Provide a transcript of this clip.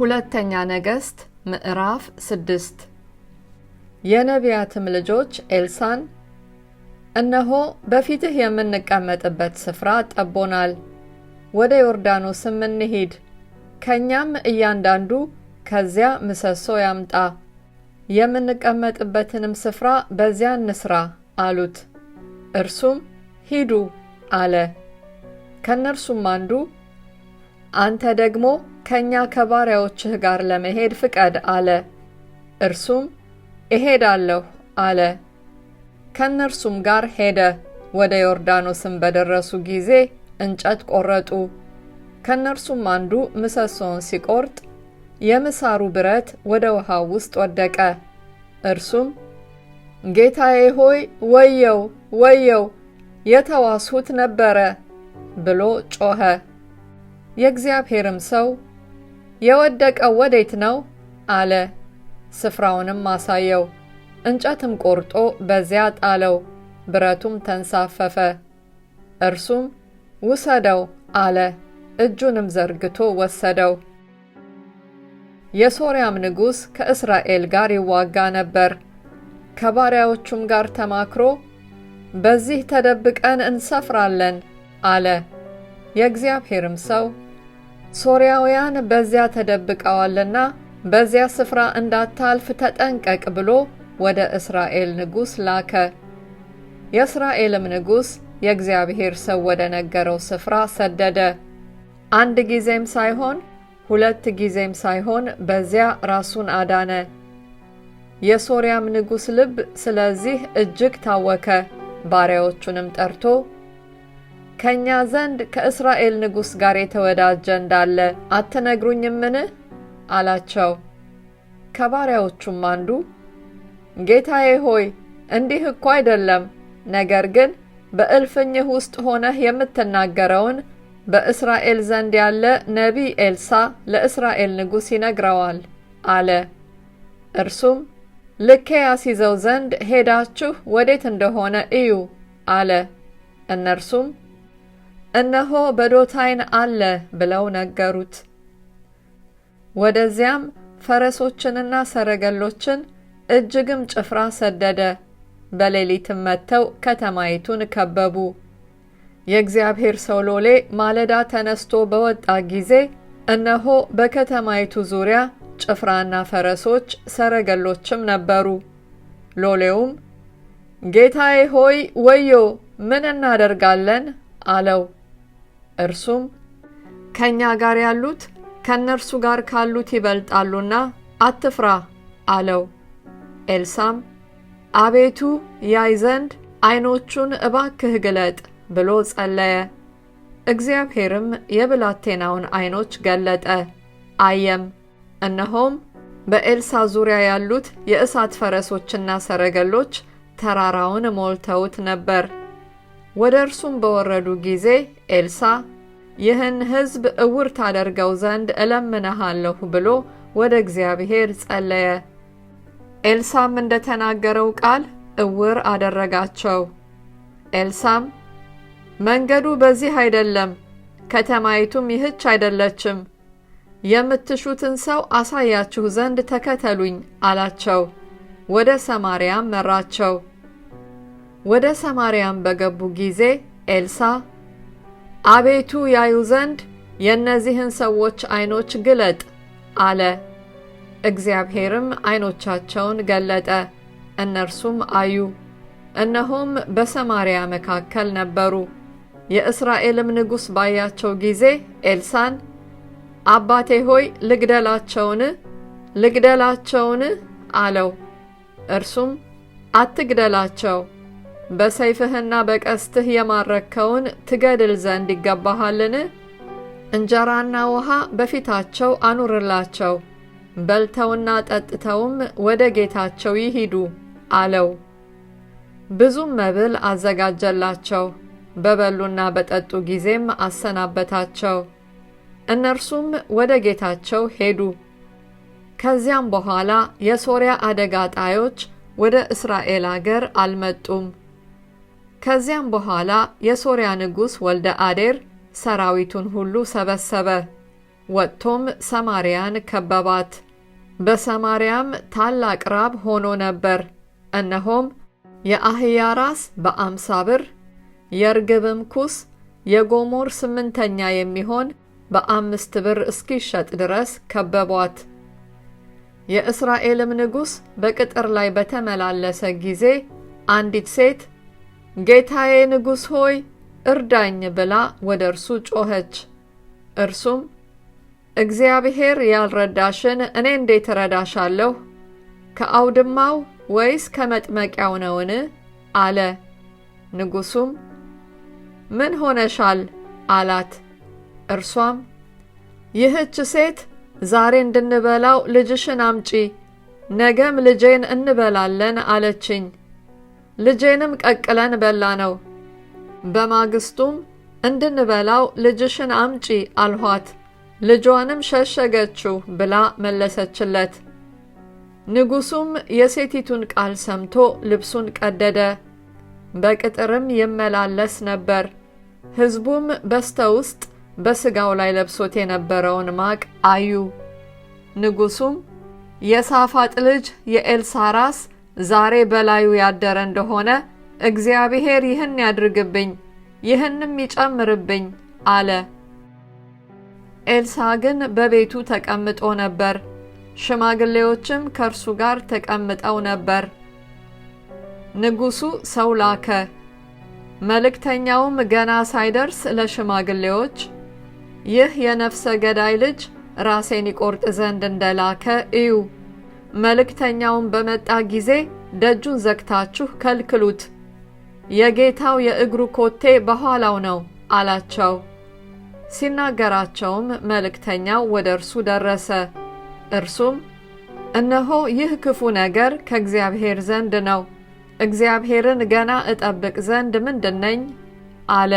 ሁለተኛ ነገሥት ምዕራፍ ስድስት የነቢያትም ልጆች ኤልሳን እነሆ በፊትህ የምንቀመጥበት ስፍራ ጠቦናል፣ ወደ ዮርዳኖስም እንሂድ፣ ከእኛም እያንዳንዱ ከዚያ ምሰሶ ያምጣ፣ የምንቀመጥበትንም ስፍራ በዚያ እንስራ አሉት። እርሱም ሂዱ አለ። ከእነርሱም አንዱ አንተ ደግሞ ከእኛ ከባሪያዎችህ ጋር ለመሄድ ፍቀድ አለ። እርሱም እሄዳለሁ አለ። ከእነርሱም ጋር ሄደ። ወደ ዮርዳኖስም በደረሱ ጊዜ እንጨት ቆረጡ። ከእነርሱም አንዱ ምሰሶውን ሲቆርጥ የምሳሩ ብረት ወደ ውሃው ውስጥ ወደቀ። እርሱም ጌታዬ ሆይ ወየው፣ ወየው የተዋስሁት ነበረ ብሎ ጮኸ። የእግዚአብሔርም ሰው የወደቀው ወዴት ነው አለ። ስፍራውንም አሳየው። እንጨትም ቆርጦ በዚያ ጣለው፣ ብረቱም ተንሳፈፈ። እርሱም ውሰደው አለ። እጁንም ዘርግቶ ወሰደው። የሶርያም ንጉሥ ከእስራኤል ጋር ይዋጋ ነበር። ከባሪያዎቹም ጋር ተማክሮ በዚህ ተደብቀን እንሰፍራለን አለ። የእግዚአብሔርም ሰው ሶርያውያን በዚያ ተደብቀዋልና በዚያ ስፍራ እንዳታልፍ ተጠንቀቅ ብሎ ወደ እስራኤል ንጉሥ ላከ። የእስራኤልም ንጉሥ የእግዚአብሔር ሰው ወደ ነገረው ስፍራ ሰደደ። አንድ ጊዜም ሳይሆን ሁለት ጊዜም ሳይሆን በዚያ ራሱን አዳነ። የሶርያም ንጉሥ ልብ ስለዚህ እጅግ ታወከ። ባሪያዎቹንም ጠርቶ ከእኛ ዘንድ ከእስራኤል ንጉሥ ጋር የተወዳጀ እንዳለ አትነግሩኝምን? አላቸው። ከባሪያዎቹም አንዱ ጌታዬ ሆይ እንዲህ እኮ አይደለም፣ ነገር ግን በእልፍኝህ ውስጥ ሆነህ የምትናገረውን በእስራኤል ዘንድ ያለ ነቢይ ኤልሳ ለእስራኤል ንጉሥ ይነግረዋል አለ። እርሱም ልኬ ያስይዘው ዘንድ ሄዳችሁ ወዴት እንደሆነ እዩ አለ። እነርሱም እነሆ በዶታይን አለ ብለው ነገሩት። ወደዚያም ፈረሶችንና ሰረገሎችን እጅግም ጭፍራ ሰደደ። በሌሊትም መጥተው ከተማይቱን ከበቡ። የእግዚአብሔር ሰው ሎሌ ማለዳ ተነስቶ በወጣ ጊዜ እነሆ በከተማይቱ ዙሪያ ጭፍራና ፈረሶች ሰረገሎችም ነበሩ። ሎሌውም ጌታዬ ሆይ ወዮ፣ ምን እናደርጋለን? አለው። እርሱም ከእኛ ጋር ያሉት ከእነርሱ ጋር ካሉት ይበልጣሉና አትፍራ አለው። ኤልሳም አቤቱ ያይ ዘንድ አይኖቹን እባክህ ግለጥ ብሎ ጸለየ። እግዚአብሔርም የብላቴናውን አይኖች ገለጠ፣ አየም። እነሆም በኤልሳ ዙሪያ ያሉት የእሳት ፈረሶችና ሰረገሎች ተራራውን ሞልተውት ነበር። ወደ እርሱም በወረዱ ጊዜ ኤልሳ ይህን ሕዝብ እውር ታደርገው ዘንድ እለምንሃለሁ ብሎ ወደ እግዚአብሔር ጸለየ። ኤልሳም እንደተናገረው ቃል እውር አደረጋቸው። ኤልሳም መንገዱ በዚህ አይደለም፣ ከተማይቱም ይህች አይደለችም፣ የምትሹትን ሰው አሳያችሁ ዘንድ ተከተሉኝ አላቸው። ወደ ሰማርያም መራቸው። ወደ ሰማርያም በገቡ ጊዜ ኤልሳ አቤቱ ያዩ ዘንድ የእነዚህን ሰዎች አይኖች ግለጥ አለ። እግዚአብሔርም አይኖቻቸውን ገለጠ፣ እነርሱም አዩ። እነሆም በሰማርያ መካከል ነበሩ። የእስራኤልም ንጉሥ ባያቸው ጊዜ ኤልሳን አባቴ ሆይ ልግደላቸውን? ልግደላቸውን? አለው። እርሱም አትግደላቸው በሰይፍህና በቀስትህ የማረከውን ትገድል ዘንድ ይገባሃልን? እንጀራና ውሃ በፊታቸው አኑርላቸው፣ በልተውና ጠጥተውም ወደ ጌታቸው ይሂዱ አለው። ብዙም መብል አዘጋጀላቸው። በበሉና በጠጡ ጊዜም አሰናበታቸው። እነርሱም ወደ ጌታቸው ሄዱ። ከዚያም በኋላ የሶርያ አደጋ ጣዮች ወደ እስራኤል አገር አልመጡም። ከዚያም በኋላ የሶርያ ንጉሥ ወልደ አዴር ሰራዊቱን ሁሉ ሰበሰበ፣ ወጥቶም ሰማርያን ከበባት። በሰማርያም ታላቅ ራብ ሆኖ ነበር። እነሆም የአህያ ራስ በአምሳ ብር የርግብም ኩስ የጎሞር ስምንተኛ የሚሆን በአምስት ብር እስኪሸጥ ድረስ ከበቧት። የእስራኤልም ንጉሥ በቅጥር ላይ በተመላለሰ ጊዜ አንዲት ሴት ጌታዬ ንጉሥ ሆይ እርዳኝ ብላ ወደ እርሱ ጮኸች። እርሱም እግዚአብሔር ያልረዳሽን እኔ እንዴት እረዳሻለሁ? ከአውድማው ወይስ ከመጥመቂያው ነውን? አለ። ንጉሡም ምን ሆነሻል? አላት። እርሷም ይህች ሴት ዛሬ እንድንበላው ልጅሽን አምጪ፣ ነገም ልጄን እንበላለን አለችኝ። ልጄንም ቀቅለን በላ ነው። በማግስቱም እንድንበላው ልጅሽን አምጪ አልኋት፣ ልጇንም ሸሸገችው ብላ መለሰችለት። ንጉሡም የሴቲቱን ቃል ሰምቶ ልብሱን ቀደደ፣ በቅጥርም ይመላለስ ነበር። ሕዝቡም በስተ ውስጥ በሥጋው ላይ ለብሶት የነበረውን ማቅ አዩ። ንጉሡም የሳፋጥ ልጅ የኤልሳራስ ዛሬ በላዩ ያደረ እንደሆነ እግዚአብሔር ይህን ያድርግብኝ፣ ይህንም ይጨምርብኝ አለ። ኤልሳ ግን በቤቱ ተቀምጦ ነበር፣ ሽማግሌዎችም ከእርሱ ጋር ተቀምጠው ነበር። ንጉሡ ሰው ላከ። መልእክተኛውም ገና ሳይደርስ ለሽማግሌዎች ይህ የነፍሰ ገዳይ ልጅ ራሴን ይቆርጥ ዘንድ እንደላከ እዩ መልእክተኛውን በመጣ ጊዜ ደጁን ዘግታችሁ ከልክሉት፣ የጌታው የእግሩ ኮቴ በኋላው ነው አላቸው። ሲናገራቸውም መልእክተኛው ወደ እርሱ ደረሰ። እርሱም እነሆ ይህ ክፉ ነገር ከእግዚአብሔር ዘንድ ነው፣ እግዚአብሔርን ገና እጠብቅ ዘንድ ምንድነኝ? አለ።